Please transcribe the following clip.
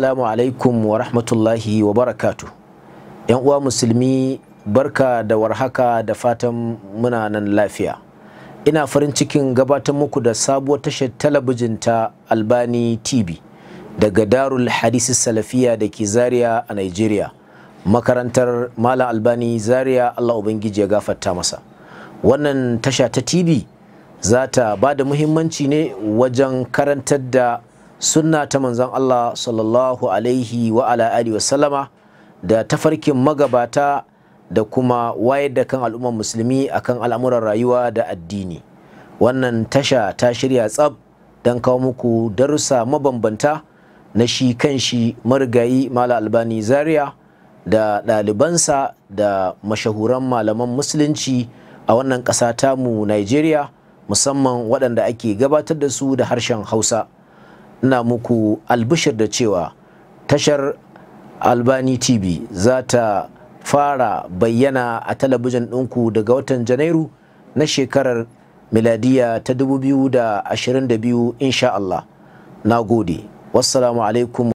Assalamu alaikum wa rahmatullahi wa barakatu. ‘Yan uwa musulmi barka da warhaka da fatan muna nan lafiya. Ina farin cikin gabatar muku da sabuwar tashar talabijin ta Albani TV daga Darul Hadisi Salafiya da ke Zaria a Nigeria. Makarantar Malam Albani Zaria Allah Ubangiji ya gafarta masa. Wannan tasha ta TV za ta ba da muhimmanci ne wajen karantar da sunna ta manzon Allah sallallahu alaihi wa ala wa sallama da tafarkin magabata da kuma wayar da kan al'ummar musulmi akan al'amuran rayuwa da addini wannan tasha ta shirya tsab don kawo muku darussa mabambanta na shi kan shi marigayi mala albani zaria da ɗalibansa da mashahuran malaman musulunci a wannan ƙasa tamu nigeria musamman waɗanda ake gabatar da su da harshen hausa ina muku albishir da cewa tashar albani tv za ta fara bayyana a talabijin ɗinku daga watan janairu na shekarar miladiya ta 2022 insha Allah na gode wassalamu alaikum